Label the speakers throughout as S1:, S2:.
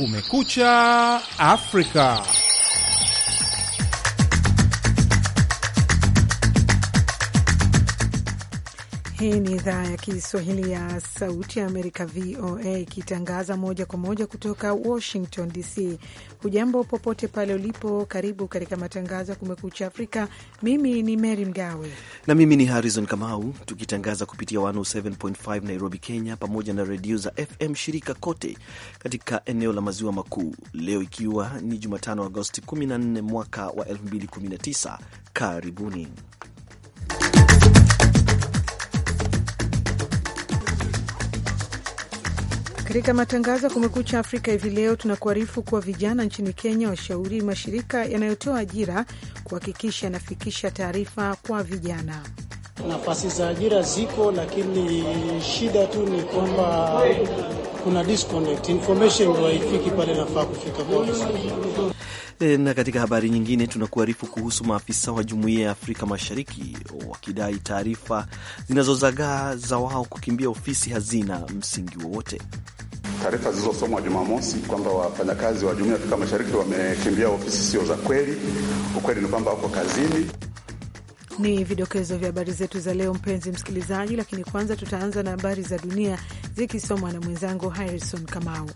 S1: Kumekucha Afrika.
S2: Hii ni idhaa ya Kiswahili ya Sauti ya Amerika, VOA, ikitangaza moja kwa moja kutoka Washington DC. Hujambo popote pale ulipo, karibu katika matangazo ya Kumekucha Afrika. Mimi ni Mary Mgawe
S3: na mimi ni Harrison Kamau, tukitangaza kupitia 107.5 Nairobi, Kenya, pamoja na redio za FM shirika kote katika eneo la maziwa makuu. Leo ikiwa ni Jumatano, Agosti 14 mwaka wa 2019. Karibuni
S2: Katika matangazo ya Kumekucha Afrika hivi leo, tunakuarifu kuwa vijana nchini Kenya washauri mashirika yanayotoa ajira kuhakikisha yanafikisha taarifa kwa vijana.
S1: Nafasi za ajira ziko, lakini shida tu ni kwamba kuna disconnect information haifiki pale nafaa kufika kwa
S3: e, na katika habari nyingine tunakuarifu kuhusu maafisa wa jumuiya ya Afrika Mashariki wakidai taarifa zinazozagaa za wao kukimbia ofisi hazina msingi wowote
S1: taarifa zilizosomwa Jumamosi kwamba wafanyakazi wa Jumuiya ya Afrika Mashariki wamekimbia ofisi sio za kweli. Ukweli ni kwamba wako kazini.
S2: Ni vidokezo vya habari zetu za leo, mpenzi msikilizaji, lakini kwanza tutaanza na habari za dunia zikisomwa na mwenzangu Harrison Kamau.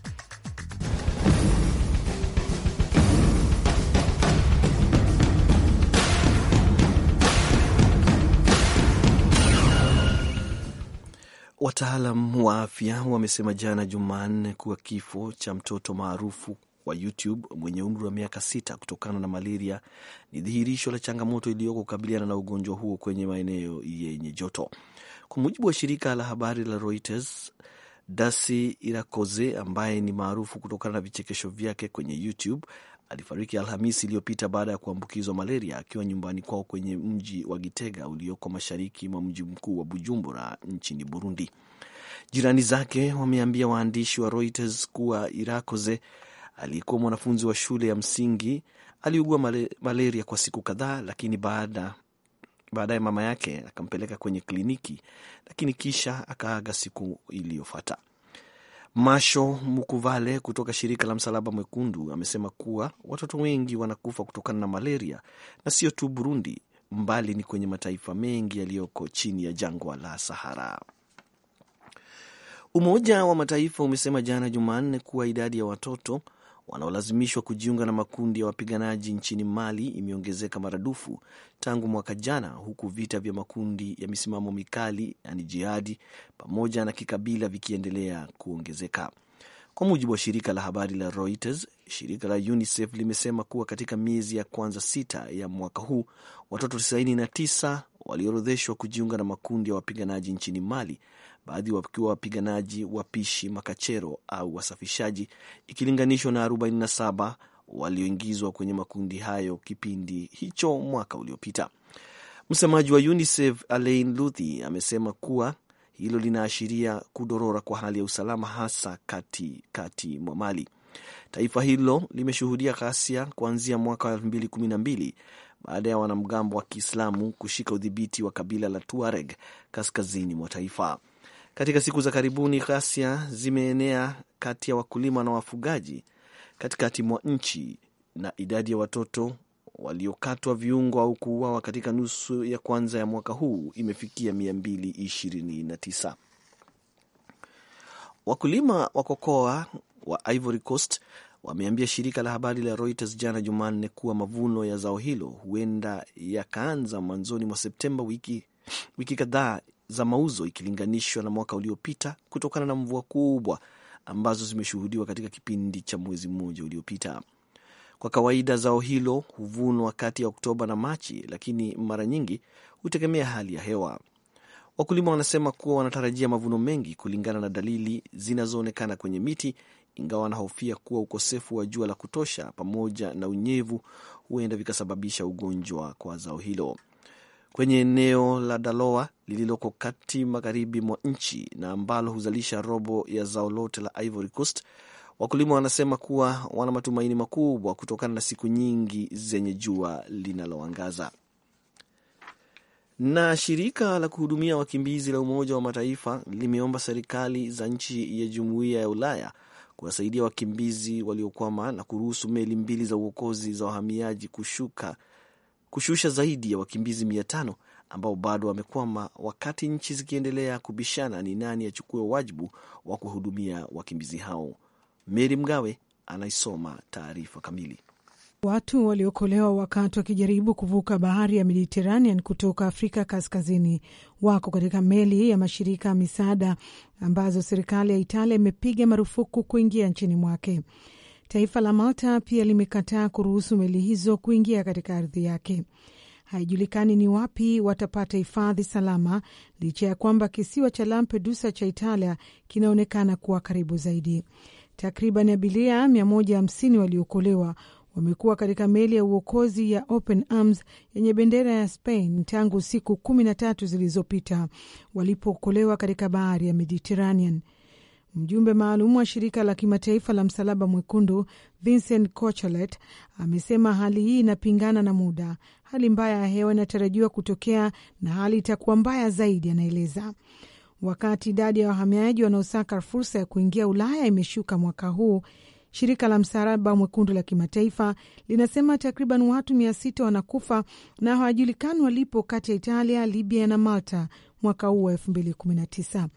S3: Wataalam wa afya wamesema jana Jumanne kuwa kifo cha mtoto maarufu wa YouTube mwenye umri wa miaka sita kutokana na malaria ni dhihirisho la changamoto iliyoko kukabiliana na ugonjwa huo kwenye maeneo yenye joto. Kwa mujibu wa shirika la habari la Reuters, Dasi Irakoze ambaye ni maarufu kutokana na vichekesho vyake kwenye YouTube alifariki Alhamisi iliyopita baada ya kuambukizwa malaria akiwa nyumbani kwao kwenye mji wa Gitega ulioko mashariki mwa mji mkuu wa Bujumbura nchini Burundi. Jirani zake wameambia waandishi wa Reuters kuwa Irakoze aliyekuwa mwanafunzi wa shule ya msingi aliugua male, malaria kwa siku kadhaa, lakini baada baadaye mama yake akampeleka kwenye kliniki, lakini kisha akaaga siku iliyofuata. Masho Mukuvale kutoka shirika la Msalaba Mwekundu amesema kuwa watoto wengi wanakufa kutokana na malaria na sio tu Burundi, mbali ni kwenye mataifa mengi yaliyoko chini ya jangwa la Sahara. Umoja wa Mataifa umesema jana Jumanne kuwa idadi ya watoto wanaolazimishwa kujiunga na makundi ya wapiganaji nchini Mali imeongezeka maradufu tangu mwaka jana, huku vita vya makundi ya misimamo mikali yani jihadi pamoja na kikabila vikiendelea kuongezeka. Kwa mujibu wa shirika la habari la Reuters, shirika la UNICEF limesema kuwa katika miezi ya kwanza sita ya mwaka huu watoto 99 waliorodheshwa kujiunga na makundi ya wapiganaji nchini Mali baadhi wakiwa wapiganaji wapishi, makachero au wasafishaji, ikilinganishwa na 47 walioingizwa kwenye makundi hayo kipindi hicho mwaka uliopita. Msemaji wa UNICEF Alain Luthi amesema kuwa hilo linaashiria kudorora kwa hali ya usalama hasa kati kati mwa Mali. Taifa hilo limeshuhudia ghasia kuanzia mwaka wa 2012 baada ya wanamgambo wa Kiislamu kushika udhibiti wa kabila la Tuareg kaskazini mwa taifa. Katika siku za karibuni, ghasia zimeenea kati ya wakulima na wafugaji katikati mwa nchi na idadi ya watoto waliokatwa viungo au kuuawa katika nusu ya kwanza ya mwaka huu imefikia 229. Wakulima wa kokoa wa Ivory Coast wameambia shirika la habari la Reuters jana Jumanne kuwa mavuno ya zao hilo huenda yakaanza mwanzoni mwa Septemba, wiki, wiki kadhaa za mauzo ikilinganishwa na mwaka uliopita kutokana na mvua kubwa ambazo zimeshuhudiwa katika kipindi cha mwezi mmoja uliopita. Kwa kawaida zao hilo huvunwa kati ya Oktoba na Machi, lakini mara nyingi hutegemea hali ya hewa. Wakulima wanasema kuwa wanatarajia mavuno mengi kulingana na dalili zinazoonekana kwenye miti, ingawa wanahofia kuwa ukosefu wa jua la kutosha pamoja na unyevu huenda vikasababisha ugonjwa kwa zao hilo kwenye eneo la Daloa lililoko kati magharibi mwa nchi na ambalo huzalisha robo ya zao lote la Ivory Coast. Wakulima wanasema kuwa wana matumaini makubwa kutokana na siku nyingi zenye jua linaloangaza. Na shirika la kuhudumia wakimbizi la Umoja wa Mataifa limeomba serikali za nchi ya Jumuiya ya Ulaya kuwasaidia wakimbizi waliokwama na kuruhusu meli mbili za uokozi za wahamiaji kushuka kushusha zaidi ya wakimbizi mia tano ambao bado wamekwama, wakati nchi zikiendelea kubishana ni nani achukue wajibu wa kuwahudumia wakimbizi hao. Meri Mgawe anaisoma taarifa kamili.
S2: Watu waliokolewa wakati wakijaribu kuvuka bahari ya Mediteranean kutoka Afrika Kaskazini wako katika meli ya mashirika ya misaada ambazo serikali ya Italia imepiga marufuku kuingia nchini mwake. Taifa la Malta pia limekataa kuruhusu meli hizo kuingia katika ardhi yake. Haijulikani ni wapi watapata hifadhi salama, licha ya kwamba kisiwa cha Lampedusa cha Italia kinaonekana kuwa karibu zaidi. Takriban abiria 150 waliokolewa wamekuwa katika meli ya uokozi ya Open Arms yenye bendera ya Spain tangu siku kumi na tatu zilizopita walipokolewa katika bahari ya Mediterranean. Mjumbe maalum wa shirika la kimataifa la msalaba mwekundu Vincent Cochelet amesema hali hii inapingana na muda. Hali mbaya ya hewa inatarajiwa kutokea na hali itakuwa mbaya zaidi, anaeleza. Wakati idadi ya wahamiaji wanaosaka fursa ya kuingia Ulaya imeshuka mwaka huu, shirika la msalaba mwekundu la kimataifa linasema takriban watu mia sita wanakufa na hawajulikani walipo kati ya Italia, Libya na Malta mwaka huu wa tisa.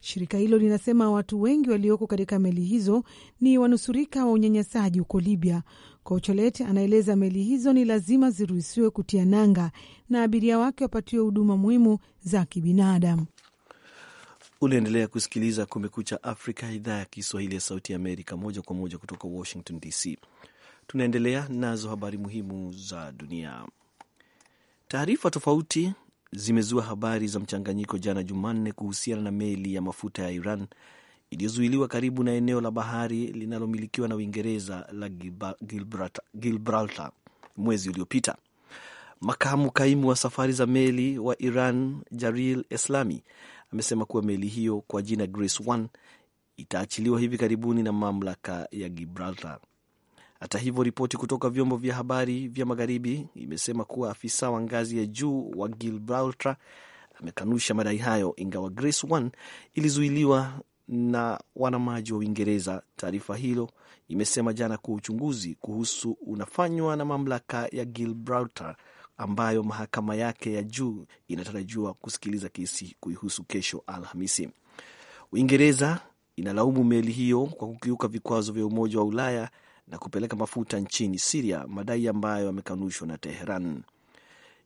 S2: Shirika hilo linasema watu wengi walioko katika meli hizo ni wanusurika wa unyanyasaji huko Libya. Kochelet anaeleza meli hizo ni lazima ziruhusiwe kutia nanga na abiria wake wapatiwe huduma muhimu za kibinadamu.
S3: Unaendelea kusikiliza Kumekucha Afrika, idhaa ya Kiswahili ya Sauti ya Amerika, moja kwa moja kutoka Washington DC. Tunaendelea nazo habari muhimu za dunia. Taarifa tofauti zimezua habari za mchanganyiko jana Jumanne kuhusiana na meli ya mafuta ya Iran iliyozuiliwa karibu na eneo la bahari linalomilikiwa na Uingereza la Gibraltar, mwezi uliopita. Makamu kaimu wa safari za meli wa Iran Jaril Eslami amesema kuwa meli hiyo kwa jina Grace 1 itaachiliwa hivi karibuni na mamlaka ya Gibraltar. Hata hivyo, ripoti kutoka vyombo vya habari vya magharibi imesema kuwa afisa wa ngazi ya juu wa Gibraltar amekanusha madai hayo, ingawa Grace One ilizuiliwa na wanamaji wa Uingereza. Taarifa hilo imesema jana kuwa uchunguzi kuhusu unafanywa na mamlaka ya Gibraltar ambayo mahakama yake ya juu inatarajiwa kusikiliza kesi kuihusu kesho Alhamisi. Uingereza inalaumu meli hiyo kwa kukiuka vikwazo vya Umoja wa Ulaya na kupeleka mafuta nchini Siria, madai ambayo yamekanushwa na Teheran.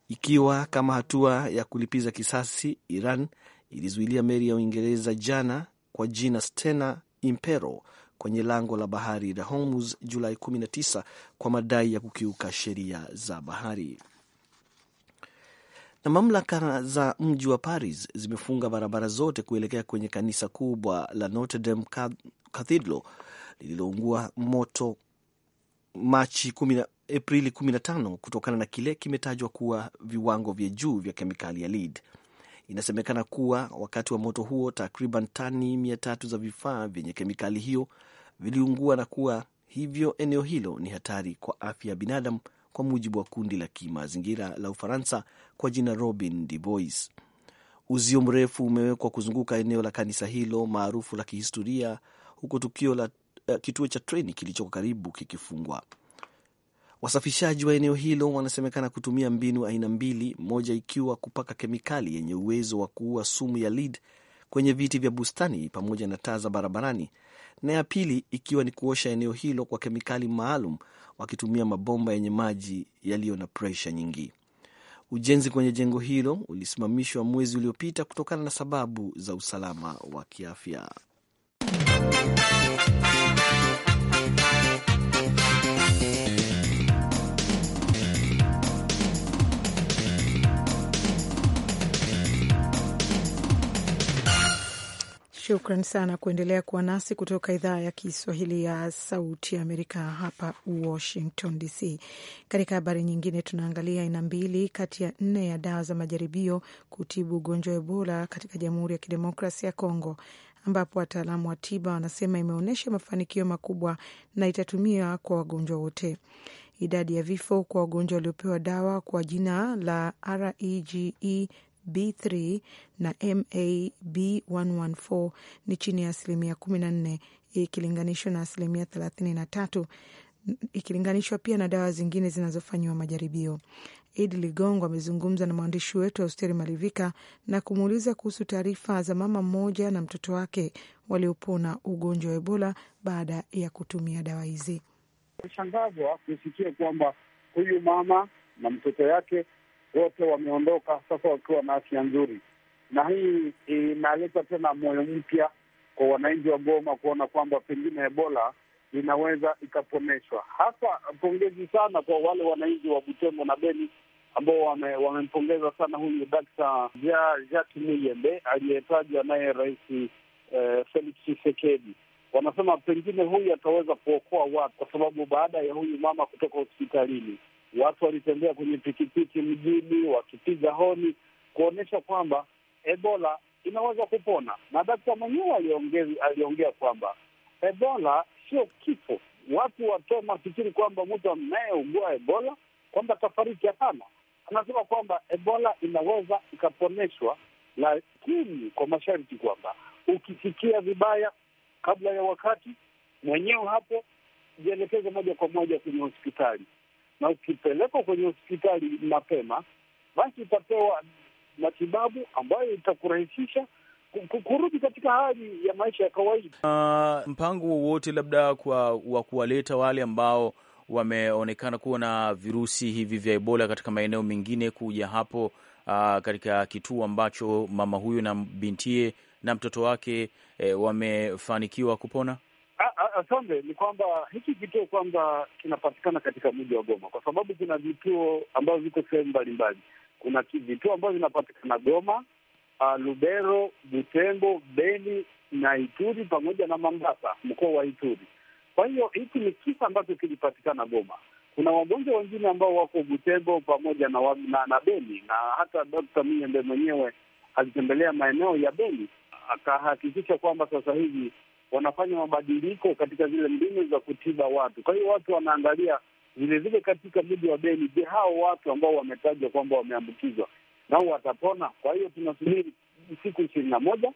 S3: Ikiwa kama hatua ya kulipiza kisasi, Iran ilizuilia meli ya Uingereza jana kwa jina Stena Impero kwenye lango la bahari la Hormuz Julai 19 kwa madai ya kukiuka sheria za bahari. Na mamlaka za mji wa Paris zimefunga barabara zote kuelekea kwenye kanisa kubwa la Notre Dame Cathedral lililoungua moto Machi 10, Aprili 15 kutokana na kile kimetajwa kuwa viwango vya juu vya kemikali ya lead. Inasemekana kuwa wakati wa moto huo takriban tani tatu za vifaa vyenye kemikali hiyo viliungua na kuwa hivyo eneo hilo ni hatari kwa afya ya binadamu, kwa mujibu wa kundi la kimazingira la Ufaransa kwa jina Robin de Bois. Uzio mrefu umewekwa kuzunguka eneo la kanisa hilo maarufu la kihistoria, huku tukio la Eh, kituo cha treni kilichoko karibu kikifungwa. Wasafishaji wa eneo hilo wanasemekana kutumia mbinu aina mbili, moja ikiwa kupaka kemikali yenye uwezo wa kuua sumu ya lead kwenye viti vya bustani pamoja na taa za barabarani, na ya pili ikiwa ni kuosha eneo hilo kwa kemikali maalum wakitumia mabomba yenye maji yaliyo na presha nyingi. Ujenzi kwenye jengo hilo ulisimamishwa mwezi uliopita kutokana na sababu za usalama wa kiafya.
S2: Shukran sana kuendelea kuwa nasi kutoka idhaa ya Kiswahili ya Sauti ya Amerika hapa Washington DC. Katika habari nyingine, tunaangalia aina mbili kati ya nne ya dawa za majaribio kutibu ugonjwa wa Ebola katika Jamhuri ya kidemokrasi ya Kongo ambapo wataalamu wa tiba wanasema imeonyesha mafanikio makubwa na itatumiwa kwa wagonjwa wote. Idadi ya vifo kwa wagonjwa waliopewa dawa kwa jina la REGE B3 na b 114 ni chini ya asilimia 14 ikilinganishwa na asilimia 33 ikilinganishwa pia na dawa zingine zinazofanyiwa majaribio. Idi Ligongo amezungumza na mwandishi wetu Austeri Malivika na kumuuliza kuhusu taarifa za mama mmoja na mtoto wake waliopona ugonjwa wa Ebola baada ya kutumia dawa hizi.
S4: Kushangazwa kusikia kwamba huyu mama na mtoto yake wote wameondoka sasa wakiwa na afya nzuri, na hii inaleta tena moyo mpya kwa wananchi wa Goma kuona kwamba pengine Ebola inaweza ikaponeshwa. Hasa pongezi sana kwa wale wananchi wa Butembo na Beni ambao wamempongeza wame sana huyu ja, Jacques Muyembe aliyetajwa naye Rais eh, Felix Tshisekedi. Wanasema pengine huyu ataweza kuokoa watu, kwa sababu baada ya huyu mama kutoka hospitalini watu walitembea kwenye pikipiki mjini wakipiga honi kuonyesha kwamba Ebola inaweza kupona, na dakta mwenyewe aliongea kwamba Ebola sio kifo. Watu watoe mafikiri kwamba mtu anayeugua Ebola kwamba atafariki. Hapana, anasema kwamba Ebola inaweza ikaponeshwa, lakini kwa masharti kwamba ukisikia vibaya kabla ya wakati mwenyewe hapo jielekeze moja kwa moja kwenye hospitali na ukipelekwa kwenye hospitali mapema, basi utapewa matibabu ambayo itakurahisisha kurudi katika hali ya maisha ya kawaida.
S1: Uh, mpango wowote labda kwa wa kuwaleta wale ambao wameonekana kuwa na virusi hivi vya Ebola katika maeneo mengine kuja hapo, uh, katika kituo ambacho mama huyu na bintie na mtoto wake eh, wamefanikiwa kupona?
S4: asante, ni kwamba hiki kituo kwanza kinapatikana katika mji wa Goma kwa sababu kuna vituo ambavyo viko sehemu mbalimbali. Kuna vituo ambavyo vinapatikana Goma, ah, Lubero, Butembo, Beni na Ituri pamoja na Mambasa, mkoa wa Ituri. Kwa hiyo hiki ni kisa ambacho kilipatikana Goma. Kuna wagonjwa wengine ambao wako Butembo pamoja na, na, na Beni, na hata Dokta Miyembe mwenyewe alitembelea maeneo ya Beni akahakikisha kwamba sasa hivi wanafanya mabadiliko katika zile mbinu za kutiba watu. Kwa hiyo watu wanaangalia vilevile katika mji wa Beni, je, hao watu ambao wametajwa kwamba wameambukizwa nao watapona? Kwa hiyo tunasubiri siku ishirini na moja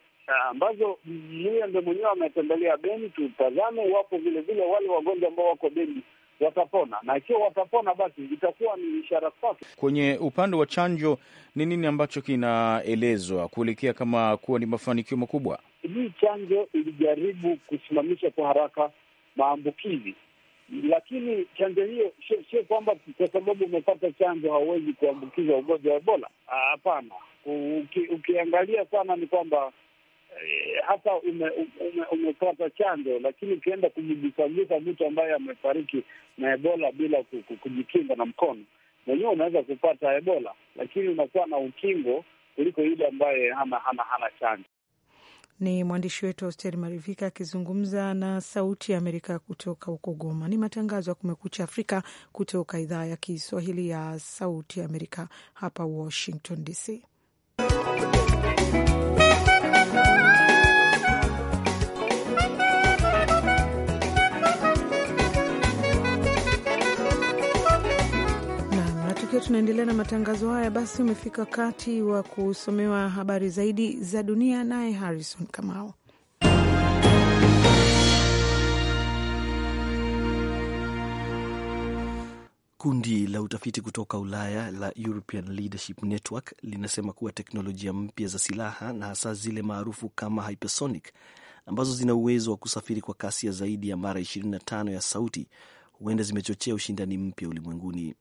S4: ambazo ndo mwenyewe ametembelea Beni, tutazame wapo vilevile wale wagonjwa ambao wako Beni watapona, na ikiwa watapona, basi itakuwa ni ishara safi.
S1: Kwenye upande wa chanjo, ni nini ambacho kinaelezwa kuelekea kama kuwa ni mafanikio makubwa?
S4: Hii chanjo ilijaribu kusimamisha kwa haraka maambukizi, lakini chanjo hiyo sio kwamba kwa sababu umepata chanjo hauwezi kuambukiza ugonjwa wa Ebola. Hapana, ukiangalia sana ni kwamba Eh, hata umepata chanjo, lakini ukienda kujigusagusa mtu ambaye amefariki na Ebola bila kujikinga na mkono, mwenyewe unaweza kupata Ebola, lakini unakuwa na ukingo kuliko yule ambaye hana, hana, hana chanjo.
S2: Ni mwandishi wetu Austeri Marivika akizungumza na Sauti ya Amerika kutoka huko Goma. Ni matangazo ya Kumekucha Afrika kutoka idhaa ya Kiswahili ya Sauti ya Amerika hapa Washington DC. tukiwa tunaendelea na matangazo haya, basi umefika wakati wa kusomewa habari zaidi za dunia, naye Harrison
S5: Kamao.
S3: Kundi la utafiti kutoka Ulaya la European Leadership Network linasema kuwa teknolojia mpya za silaha na hasa zile maarufu kama hypersonic ambazo zina uwezo wa kusafiri kwa kasi ya zaidi ya mara 25 ya sauti huenda zimechochea ushindani mpya ulimwenguni.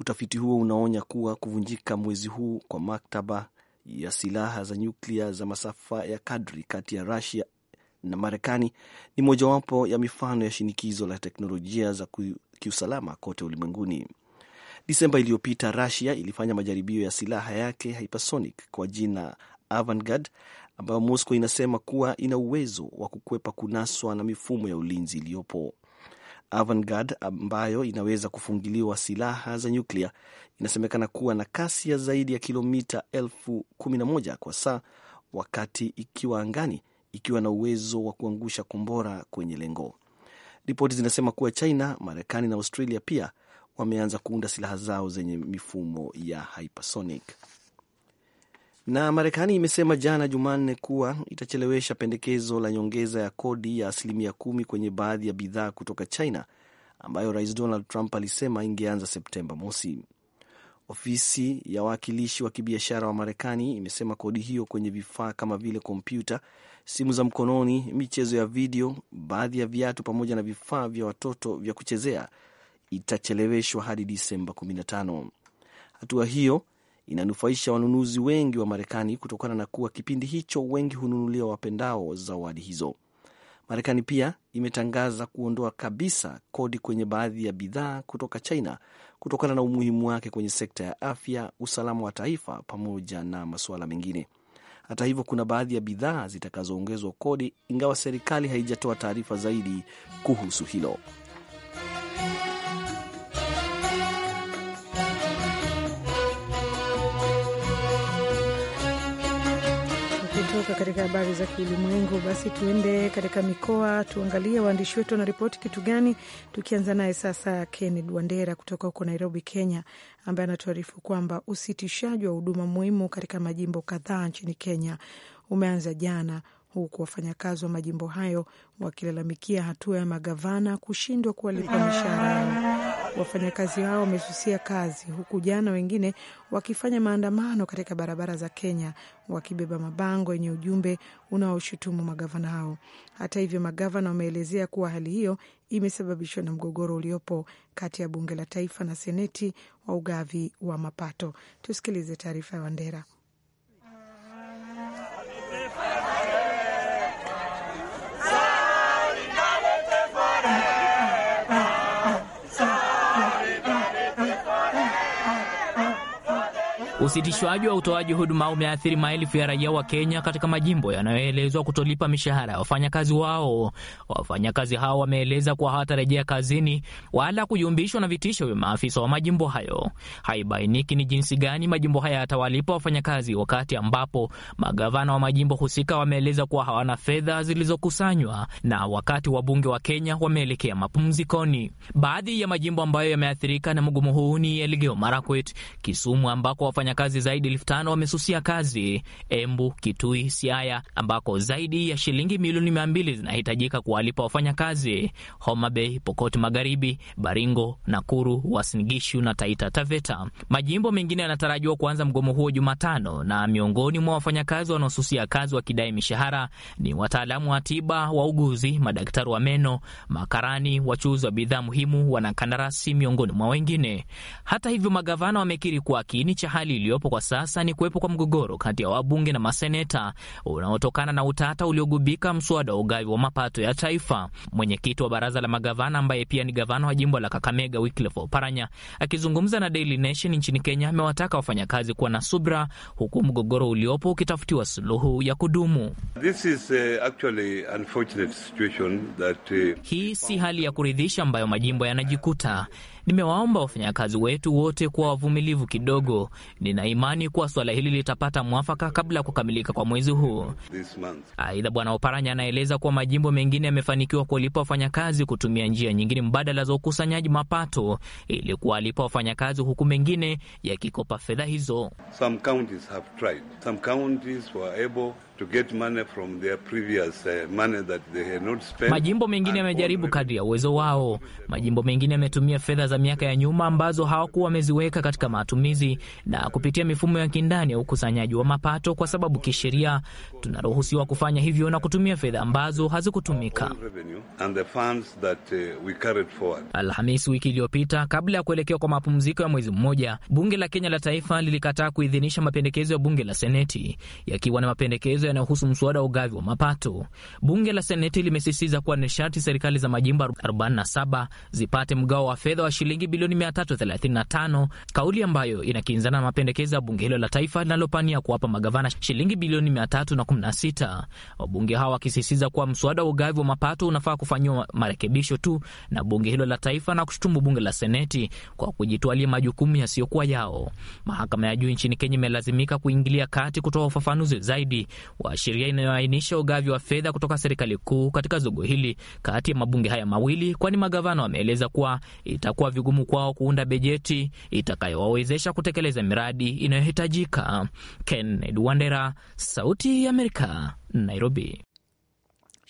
S3: Utafiti huo unaonya kuwa kuvunjika mwezi huu kwa maktaba ya silaha za nyuklia za masafa ya kadri kati ya Rusia na Marekani ni mojawapo ya mifano ya shinikizo la teknolojia za kiusalama kote ulimwenguni. Disemba iliyopita, Rusia ilifanya majaribio ya silaha yake hypersonic kwa jina Avangard ambayo Moscow inasema kuwa ina uwezo wa kukwepa kunaswa na mifumo ya ulinzi iliyopo. Avangard ambayo inaweza kufungiliwa silaha za nyuklia inasemekana kuwa na kasi ya zaidi ya kilomita elfu kumi na moja kwa saa wakati ikiwa angani, ikiwa na uwezo wa kuangusha kombora kwenye lengo. Ripoti zinasema kuwa China, Marekani na Australia pia wameanza kuunda silaha zao zenye mifumo ya hypersonic. Na Marekani imesema jana Jumanne kuwa itachelewesha pendekezo la nyongeza ya kodi ya asilimia kumi kwenye baadhi ya bidhaa kutoka China ambayo Rais Donald Trump alisema ingeanza Septemba mosi. Ofisi ya wawakilishi wa kibiashara wa Marekani imesema kodi hiyo kwenye vifaa kama vile kompyuta, simu za mkononi, michezo ya video, baadhi ya viatu pamoja na vifaa vya watoto vya kuchezea itacheleweshwa hadi Disemba 15. Hatua hiyo inanufaisha wanunuzi wengi wa Marekani kutokana na kuwa kipindi hicho wengi hununulia wapendao zawadi hizo. Marekani pia imetangaza kuondoa kabisa kodi kwenye baadhi ya bidhaa kutoka China kutokana na umuhimu wake kwenye sekta ya afya, usalama wa taifa pamoja na masuala mengine. Hata hivyo, kuna baadhi ya bidhaa zitakazoongezwa kodi, ingawa serikali haijatoa taarifa zaidi kuhusu hilo.
S2: kutoka katika habari za kiulimwengu. Basi tuende katika mikoa, tuangalie waandishi wetu wanaripoti kitu gani, tukianza naye sasa Kenneth Wandera kutoka huko Nairobi, Kenya, ambaye anatuarifu kwamba usitishaji wa huduma muhimu katika majimbo kadhaa nchini Kenya umeanza jana huku wafanyakazi wa majimbo hayo wakilalamikia hatua ya magavana kushindwa kuwalipa mishahara Wafanyakazi hao wamesusia kazi, huku jana wengine wakifanya maandamano katika barabara za Kenya wakibeba mabango yenye ujumbe unaoshutumu magavana hao. Hata hivyo, magavana wameelezea kuwa hali hiyo imesababishwa na mgogoro uliopo kati ya bunge la taifa na seneti wa ugavi wa mapato. Tusikilize taarifa ya Wandera.
S5: Usitishwaji wa utoaji huduma umeathiri maelfu ya raia wa Kenya katika majimbo yanayoelezwa kutolipa mishahara ya wafanyakazi wao. Wafanyakazi hao wameeleza kuwa hawatarejea kazini wala kujumbishwa na vitisho vya maafisa wa majimbo hayo. Haibainiki ni jinsi gani majimbo haya yatawalipa wafanyakazi, wakati ambapo magavana wa majimbo husika wameeleza kuwa hawana fedha zilizokusanywa, na wakati wabunge wa Kenya wameelekea mapumzikoni. Baadhi ya majimbo ambayo yameathirika na mgomo huu ni Elgeyo Marakwet, Kisumu ambako wafanya wafanyakazi zaidi elfu tano wamesusia kazi Embu, Kitui, Siaya ambako zaidi ya shilingi milioni mia mbili zinahitajika kuwalipa wafanyakazi Homa Bay, Pokot Magharibi, Baringo, Nakuru, Wasingishu na Taita Taveta. Majimbo mengine yanatarajiwa kuanza mgomo huo Jumatano, na miongoni mwa wafanyakazi wanaosusia kazi wakidai mishahara ni wataalamu wa tiba, wauguzi, madaktari wa meno, makarani, wachuuzi wa bidhaa muhimu, wanakandarasi, miongoni mwa wengine. Hata hivyo, magavana wamekiri kuwa kiini cha hali iliyopo kwa sasa ni kuwepo kwa mgogoro kati ya wabunge na maseneta unaotokana na utata uliogubika mswada wa ugavi wa mapato ya taifa. Mwenyekiti wa baraza la magavana ambaye pia ni gavana wa jimbo la Kakamega, Wycliffe Oparanya, akizungumza na Daily Nation nchini Kenya, amewataka wafanyakazi kuwa na subra, huku mgogoro uliopo ukitafutiwa suluhu ya kudumu.
S4: This is, uh, that, uh...
S5: hii si hali ya kuridhisha ambayo majimbo yanajikuta Nimewaomba wafanyakazi wetu wote kuwa wavumilivu kidogo. Nina imani kuwa suala hili litapata mwafaka kabla ya kukamilika kwa mwezi huu. Aidha, Bwana Oparanya anaeleza kuwa majimbo mengine yamefanikiwa kuwalipa wafanyakazi kutumia njia nyingine mbadala za ukusanyaji mapato ili kuwalipa wafanyakazi, huku mengine yakikopa fedha hizo
S4: Some To get money from their previous, uh, money that they had not spent. Majimbo
S5: mengine yamejaribu kadri ya uwezo wao. Majimbo mengine yametumia fedha za miaka ya nyuma ambazo hawakuwa wameziweka katika matumizi na kupitia mifumo ya kindani ya ukusanyaji wa mapato, kwa sababu kisheria tunaruhusiwa kufanya hivyo na kutumia fedha ambazo hazikutumika. Uh, Alhamisi wiki iliyopita, kabla ya kuelekewa kwa mapumziko ya mwezi mmoja, bunge la Kenya la taifa lilikataa kuidhinisha mapendekezo ya bunge la seneti yakiwa na mapendekezo yanayohusu mswada wa ugavi wa mapato. Bunge la Seneti limesisitiza kuwa nishati serikali za majimbo 47 zipate mgao wa fedha wa shilingi bilioni 335, kauli ambayo inakinzana na mapendekezo ya bunge hilo la taifa linalopania kuwapa magavana shilingi bilioni 316, wabunge hawa wakisisitiza kuwa mswada wa ugavi wa mapato unafaa kufanyiwa marekebisho tu na bunge hilo la taifa na kushutumu bunge la Seneti kwa kujitwalia majukumu yasiyokuwa yao. Mahakama ya juu nchini Kenya imelazimika kuingilia kati kutoa ufafanuzi zaidi wa sheria inayoainisha ugavi wa fedha kutoka serikali kuu katika zogo hili kati ya mabunge haya mawili, kwani magavana wameeleza kuwa itakuwa vigumu kwao kuunda bajeti itakayowawezesha kutekeleza miradi inayohitajika. Kennedy Wandera, Sauti ya Amerika, Nairobi.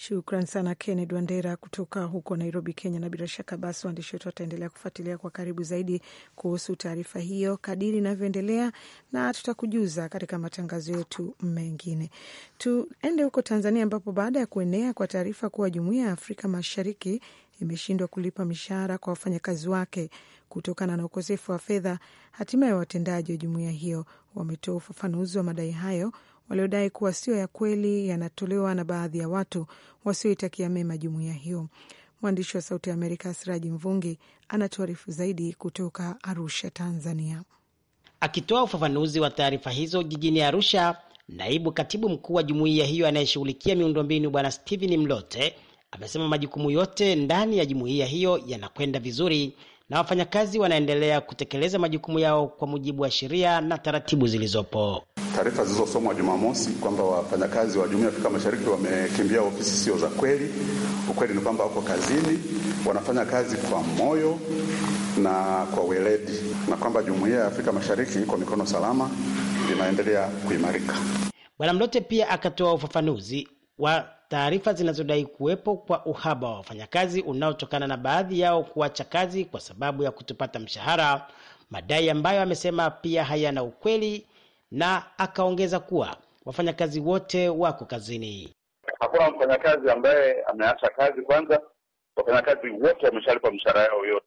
S2: Shukran sana kenned Wandera kutoka huko Nairobi, Kenya. Na bila shaka basi waandishi wetu wataendelea kufuatilia kwa karibu zaidi kuhusu taarifa hiyo kadiri inavyoendelea, na tutakujuza katika matangazo yetu mengine. Tuende huko Tanzania, ambapo baada ya kuenea kwa taarifa kuwa Jumuiya ya Afrika Mashariki imeshindwa kulipa mishahara kwa wafanyakazi wake kutokana na ukosefu wa fedha, hatimaye watendaji wa jumuiya hiyo wametoa ufafanuzi wa madai hayo waliodai kuwa sio ya kweli yanatolewa na baadhi ya watu wasioitakia mema jumuiya hiyo. Mwandishi wa Sauti ya Amerika Siraji Mvungi anatuarifu zaidi kutoka Arusha, Tanzania.
S6: Akitoa ufafanuzi wa taarifa hizo jijini Arusha, naibu katibu mkuu wa jumuiya hiyo anayeshughulikia miundombinu Bwana stehen Mlote amesema majukumu yote ndani ya jumuiya hiyo yanakwenda vizuri na wafanyakazi wanaendelea kutekeleza majukumu yao kwa mujibu wa sheria na taratibu zilizopo.
S1: Taarifa zilizosomwa Jumamosi kwamba wafanyakazi wa Jumuiya ya Afrika Mashariki wamekimbia ofisi sio za kweli. Ukweli ni kwamba wako kazini, wanafanya kazi kwa moyo na kwa weledi, na kwamba Jumuiya ya Afrika Mashariki iko mikono salama
S4: inaendelea kuimarika.
S6: Bwana Mlote pia akatoa ufafanuzi wa taarifa zinazodai kuwepo kwa uhaba wa wafanyakazi unaotokana na baadhi yao kuacha kazi kwa sababu ya kutopata mshahara, madai ambayo amesema pia hayana ukweli, na akaongeza kuwa wafanyakazi wote wako kazini.
S4: Hakuna mfanyakazi ambaye ameacha kazi. Kwanza, wafanyakazi wote wameshalipwa mshahara yao yote.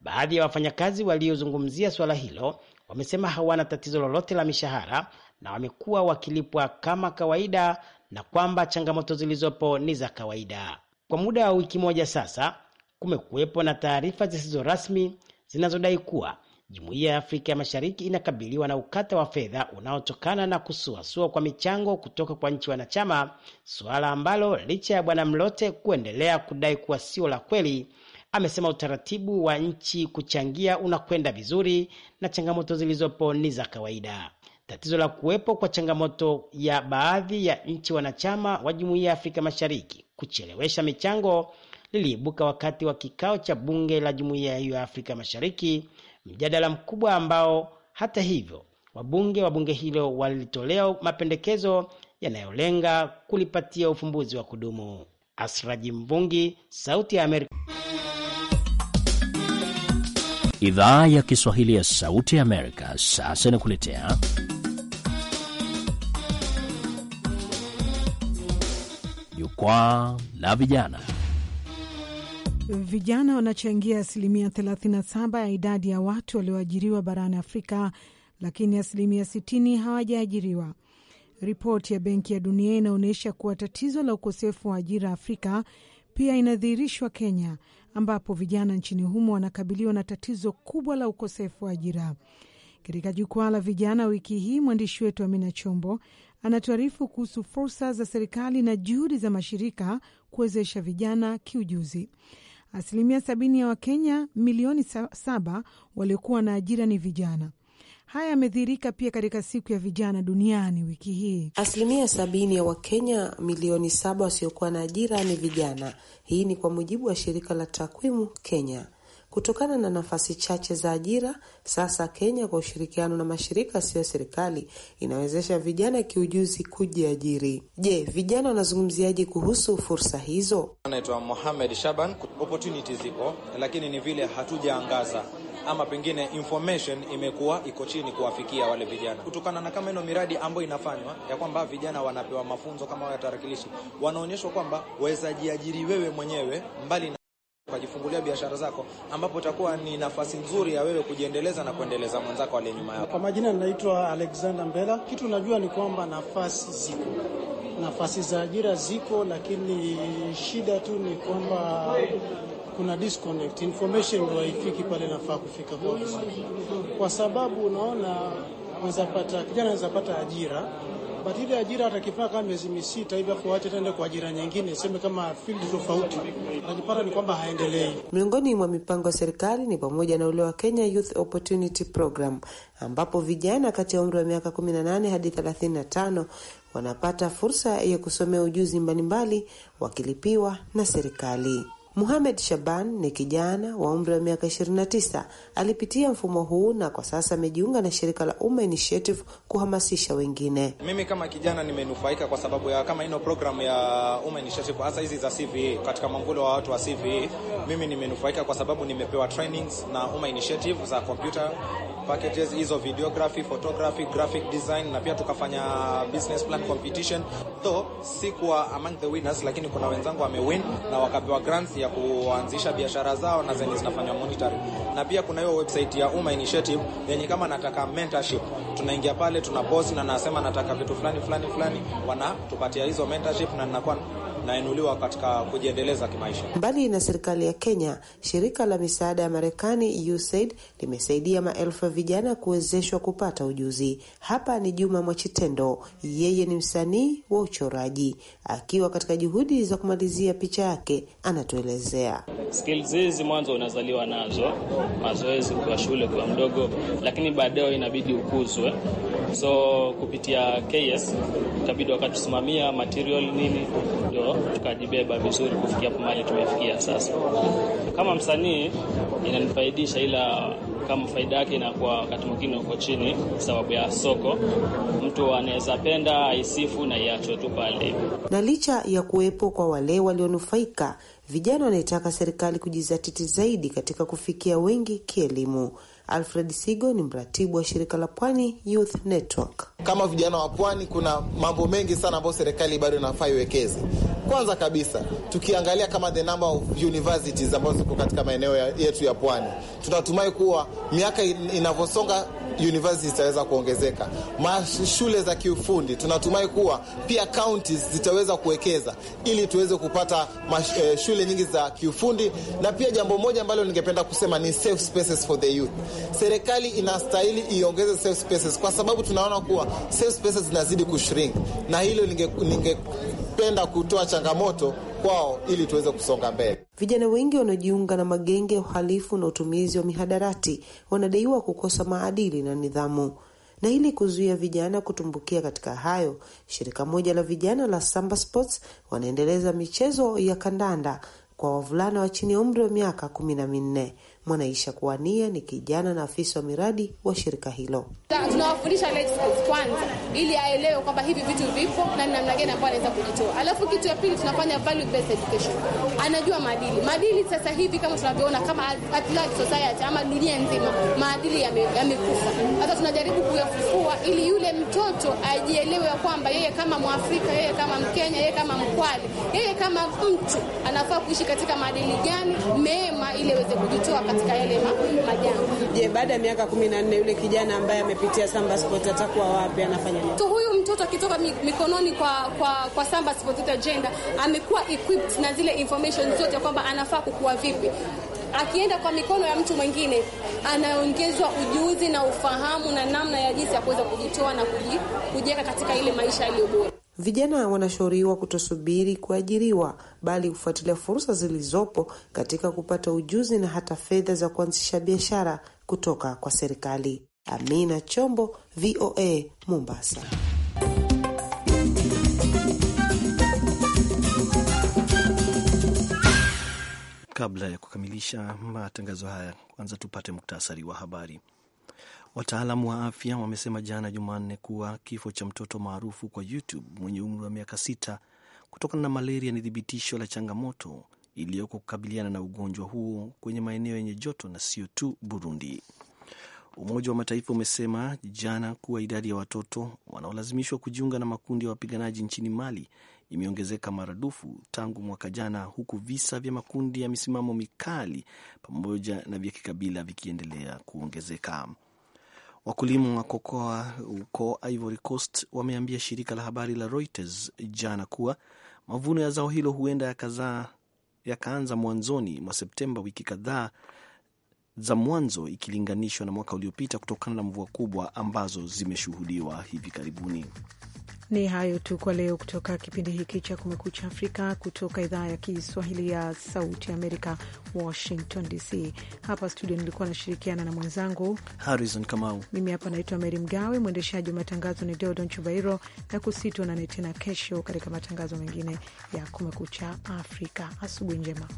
S6: Baadhi ya wafanyakazi waliozungumzia suala hilo wamesema hawana tatizo lolote la mishahara na wamekuwa wakilipwa kama kawaida na kwamba changamoto zilizopo ni za kawaida. Kwa muda wa wiki moja sasa, kumekuwepo na taarifa zisizo rasmi zinazodai kuwa Jumuiya ya Afrika ya Mashariki inakabiliwa na ukata wa fedha unaotokana na kusuasua kwa michango kutoka kwa nchi wanachama, suala ambalo licha ya Bwana Mlote kuendelea kudai kuwa sio la kweli, amesema utaratibu wa nchi kuchangia unakwenda vizuri na changamoto zilizopo ni za kawaida tatizo la kuwepo kwa changamoto ya baadhi ya nchi wanachama wa Jumuiya ya Afrika Mashariki kuchelewesha michango liliibuka wakati wa kikao cha bunge la jumuiya hiyo ya Afrika Mashariki, mjadala mkubwa ambao hata hivyo wabunge wa bunge hilo walitolea mapendekezo yanayolenga kulipatia ufumbuzi wa kudumu. Asraji Mvungi, Sauti ya Amerika.
S5: Idhaa ya Kiswahili ya Sauti ya Amerika sasa inakuletea Jukwaa la vijana.
S2: Vijana wanachangia asilimia 37 ya idadi ya watu walioajiriwa barani Afrika, lakini asilimia 60 hawajaajiriwa. Ripoti ya Benki ya Dunia inaonyesha kuwa tatizo la ukosefu wa ajira Afrika pia inadhihirishwa Kenya, ambapo vijana nchini humo wanakabiliwa na tatizo kubwa la ukosefu wa ajira. Katika jukwaa la vijana wiki hii, mwandishi wetu Amina Chombo anatuarifu kuhusu fursa za serikali na juhudi za mashirika kuwezesha vijana kiujuzi. Asilimia sabini ya Wakenya milioni saba waliokuwa na ajira ni vijana. Haya yamedhihirika pia katika siku ya vijana duniani wiki hii.
S7: Asilimia sabini ya Wakenya milioni saba wasiokuwa na ajira ni vijana. Hii ni kwa mujibu wa shirika la takwimu Kenya. Kutokana na nafasi chache za ajira, sasa Kenya kwa ushirikiano na mashirika yasiyo serikali inawezesha vijana kiujuzi kujiajiri. Je, vijana wanazungumziaje kuhusu fursa hizo?
S1: Anaitwa Mohamed Shaban. Opportunity zipo, lakini ni vile hatujaangaza ama pengine information imekuwa iko chini kuwafikia wale vijana, kutokana na kama ino miradi ambayo inafanywa ya kwamba vijana wanapewa mafunzo kama ya tarakilishi, wanaonyeshwa kwamba waweza jiajiri wewe mwenyewe mbali na ukajifungulia biashara zako, ambapo itakuwa ni nafasi nzuri ya wewe kujiendeleza na kuendeleza mwenzako aliye nyuma yako. Kwa majina ninaitwa Alexander Mbela. Kitu najua ni kwamba nafasi ziko, nafasi za ajira ziko, lakini shida tu ni kwamba kuna disconnect, information ndio haifiki pale nafaa kufika kwa, kwa sababu unaona, unaweza pata kijana anaweza pata ajira But ile ajira atakifaa kama miezi misita hivyo, kuacha tende kwa ajira nyingine, sema kama field tofauti, atajipata ni kwamba haendelei.
S7: Miongoni mwa mipango ya serikali ni pamoja na ule wa Kenya Youth Opportunity Program ambapo vijana kati ya umri wa miaka 18 hadi 35 wanapata fursa ya kusomea ujuzi mbalimbali wakilipiwa na serikali. Muhamed Shaban ni kijana wa umri wa miaka 29. Alipitia mfumo huu na kwa sasa amejiunga na shirika la Umma Initiative kuhamasisha wengine.
S1: Mimi kama kijana nimenufaika kwa sababu ya kama ino programu ya Umma Initiative, hasa hizi za CV e, katika mwangulo wa watu wa CV. E, mimi nimenufaika kwa sababu nimepewa trainings na Umma Initiative za computer packages hizo, videography, photography, graphic design na pia tukafanya business plan competition, though sikuwa among the winners, lakini kuna wenzangu wamewin na wakapewa grants ya kuanzisha biashara zao na zenye zinafanywa monitoring, na pia kuna hiyo website ya Uma Initiative yenye kama nataka mentorship, tunaingia pale post na nasema nataka vitu fulani fulani fulani, wanatupatia hizo mentorship na ninakuwa nainuliwa katika kujiendeleza kimaisha.
S7: Mbali na serikali ya Kenya, shirika la misaada ya Marekani USAID limesaidia maelfu ya vijana kuwezeshwa kupata ujuzi. Hapa ni Juma Mwachitendo, yeye ni msanii wa uchoraji. Akiwa katika juhudi za kumalizia picha yake, anatuelezea
S5: skills hizi mwanzo unazaliwa nazo, mazoezi kwa shule kwa mdogo, lakini baadaye inabidi ukuzwe. So kupitia KS itabidi wakatusimamia material nini ndio tukajibeba vizuri kufikia hapo mahali tumefikia sasa. Kama msanii inanifaidisha, ila kama faida yake inakuwa wakati mwingine uko chini, sababu ya soko. Mtu anaweza penda aisifu na iachwe tu pale.
S7: Na licha ya kuwepo kwa wale walionufaika Vijana wanaitaka serikali kujizatiti zaidi katika kufikia wengi kielimu. Alfred Sigo ni mratibu wa shirika la Pwani Youth
S1: Network. Kama vijana wa Pwani, kuna mambo mengi sana ambayo serikali bado inafaa iwekeze. Kwanza kabisa, tukiangalia kama the number of universities ambazo ziko katika maeneo yetu ya Pwani, tunatumai kuwa miaka inavyosonga university zitaweza kuongezeka, mashule za kiufundi. Tunatumai kuwa pia kaunti zitaweza kuwekeza ili tuweze kupata mash, eh, shule nyingi za kiufundi. Na pia jambo moja ambalo ningependa kusema ni safe spaces for the youth. Serikali inastahili iongeze safe spaces, kwa sababu tunaona kuwa safe spaces zinazidi kushrink, na hilo ninge, ninge kupenda kutoa changamoto kwao ili tuweze kusonga mbele.
S7: Vijana wengi wanaojiunga na magenge ya uhalifu na utumizi wa mihadarati wanadaiwa kukosa maadili na nidhamu. Na ili kuzuia vijana kutumbukia katika hayo, shirika moja la vijana la Samba Sports wanaendeleza michezo ya kandanda kwa wavulana wa chini ya umri wa miaka kumi na minne. Mwanaisha Kuania ni kijana na afisa wa miradi wa shirika hilo.
S4: Tunawafundisha
S2: kwanza, ili aelewe kwamba hivi vitu vipo na ni namna gani ambayo anaweza kujitoa. Alafu kitu ya pili tunafanya value based education, anajua maadili. Maadili sasa hivi kama tunavyoona, kama at large society ama dunia nzima, maadili yamekufa. Sasa tunajaribu kuyafufua ili yule mtoto ajielewe kwamba yeye kama Mwafrika, yeye kama Mkenya, yeye kama Mkwale, yeye kama mtu anafaa kuishi katika maadili gani mema, ili aweze kujitoa katika yale majanga.
S7: Je, baada ya miaka kumi na nne yule kijana ambaye amepitia Samba Sport atakuwa wapi? Anafanya nini?
S2: To huyu mtoto akitoka mikononi kwa, kwa, kwa Samba Sport Agenda amekuwa equipped na zile information zote kwamba anafaa kukua vipi akienda kwa mikono ya mtu mwingine anaongezwa ujuzi na ufahamu na namna ya jinsi ya kuweza kujitoa na kujiweka katika ile maisha yaliyo bora.
S7: Vijana wanashauriwa kutosubiri kuajiriwa bali kufuatilia fursa zilizopo katika kupata ujuzi na hata fedha za kuanzisha biashara kutoka kwa serikali. Amina Chombo, VOA, Mombasa.
S3: Kabla ya kukamilisha matangazo haya, kwanza tupate muktasari wa habari. Wataalamu wa afya wamesema jana Jumanne kuwa kifo cha mtoto maarufu kwa YouTube mwenye umri wa miaka sita kutokana na malaria ni thibitisho la changamoto iliyoko kukabiliana na ugonjwa huo kwenye maeneo yenye joto na sio tu Burundi. Umoja wa Mataifa umesema jana kuwa idadi ya watoto wanaolazimishwa kujiunga na makundi ya wa wapiganaji nchini Mali imeongezeka maradufu tangu mwaka jana, huku visa vya makundi ya misimamo mikali pamoja na vya kikabila vikiendelea kuongezeka. Wakulima wa kokoa huko Ivory Coast wameambia shirika la habari la Reuters jana kuwa mavuno ya zao hilo huenda yakaanza ya mwanzoni mwa Septemba, wiki kadhaa za mwanzo ikilinganishwa na mwaka uliopita kutokana na mvua kubwa ambazo zimeshuhudiwa hivi karibuni.
S2: Ni hayo tu kwa leo kutoka kipindi hiki cha Kumekucha Afrika kutoka idhaa ya Kiswahili ya Sauti Amerika, Washington DC. Hapa studio nilikuwa nashirikiana na mwenzangu
S3: Harrison Kamau.
S2: Mimi hapa naitwa Meri Mgawe, mwendeshaji wa matangazo ni Deodon Chubairo na na netena kesho katika matangazo mengine ya Kumekucha Afrika. Asubuhi njema.